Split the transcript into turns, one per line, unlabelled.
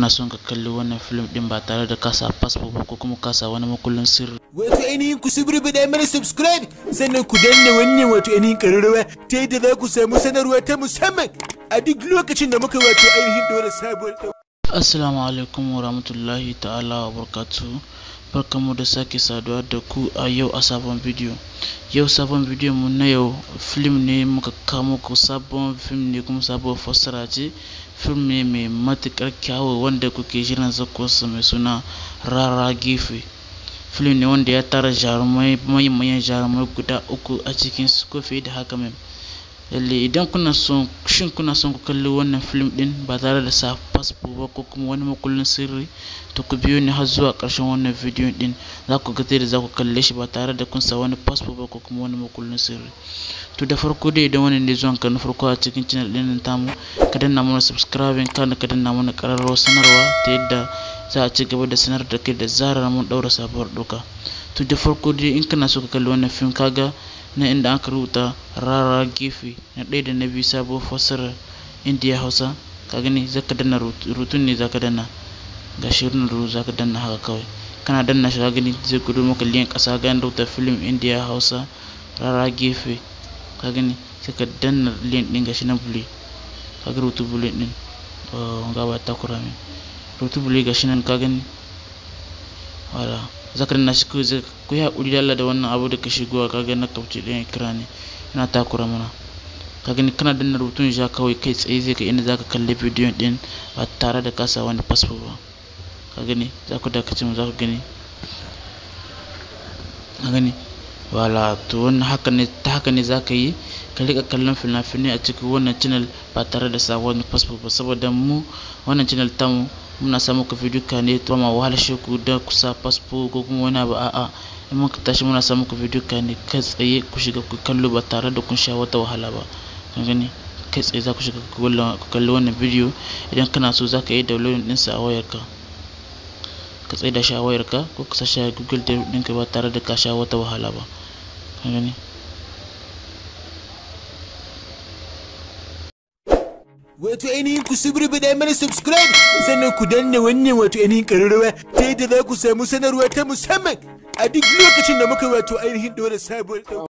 kana son ka kalli wannan film din ba tare da kasa fasfo ba ko kuma kasa wani makullin sirri
wato ainihin ku subscribe da mana subscribe sannan ku danna wannan wato ainihin ƙararrawa ta yadda za ku samu sanarwa ta musamman a duk lokacin da muka wato ainihin dole sabuwar
assalamu alaikum rahmatullahi ta'ala wa barkatu Barkanmu da sake saduwa da ku a yau a sabon bidiyo. Yau sabon bidiyo mu na yau film ne muka kamo ku sabon film ne kuma sabon fassara ce. Film ne mai matukar kyawu wanda kuke jiran zakonsa mai suna Rara Gefe. Film ne wanda ya tara jarumai manyan jarumai guda uku a cikin su da haka mai. Lalle idan kuna son shin kuna son ku kalli wannan film din ba tare da sa fasfo ba ko kuma wani makullin sirri to ku biyo ni har zuwa ƙarshen wannan bidiyon din za ku ga da za ku kalle shi ba tare da kun sa wani fasfo ba ko kuma wani makullin sirri to da farko dai idan wannan ne zuwan ka farko a cikin channel din tamu ka danna mana subscribing kana ka danna mana ƙararrawa sanarwa ta yadda za a ci gaba da sanar da kai da zarar mun ɗaura sabuwar doka to da farko dai in kana so ka kalli wannan fim kaga na inda aka rubuta rara gefe na ɗaya da na biyu sabuwar fassarar indiya hausa ka gani zaka danna rutun ne zaka danna ga shirin za zaka danna haka kawai kana danna shi ka gani zai gudu maka liyan ƙasa ga rubuta film india hausa rara gefe ka gani sai ka danna liyan ɗin ga shi na bule ka ga rutu bule ɗin oh, ga ba kura min rutu bule ga shi nan ka gani wala zaka danna shi kawai zai ku yi haƙuri da da wannan abu da ka shigowa ka gani na kauce ɗin ikira ne yana takura mana ka gani kana danna rubutun ja kawai kai tsaye zai ka inda zaka kalli bidiyon din ba tare da kasa wani fasfo ba ka gani za ku da kacin za ku gani ka gani wala to wannan haka ne ta haka ne zaka yi ka rika kallon fina-finai a cikin wannan channel ba tare da sa wani fasfo ba saboda mu wannan channel tamu muna samu ku ka ne to ma wahala shi ku da ku sa fasfo ko kuma wani abu a'a in muka tashi muna samu ku ka ne kai tsaye ku shiga ku kallo ba tare da kun sha wata wahala ba kun gani kai tsaye za ku shiga ku kalli wannan bidiyo idan kana so za ka yi downloading ɗinsa a wayarka ka tsaye da shi a wayarka ko ka sashi a google drive ɗinka ba tare da ka sha wata wahala ba kun gani
wato ainihin ku da mana subscribe sannan ku danna wannan wato ainihin ƙararrawa ta yadda za ku samu sanarwa ta musamman a duk lokacin da muka wato ainihin ɗora sabuwar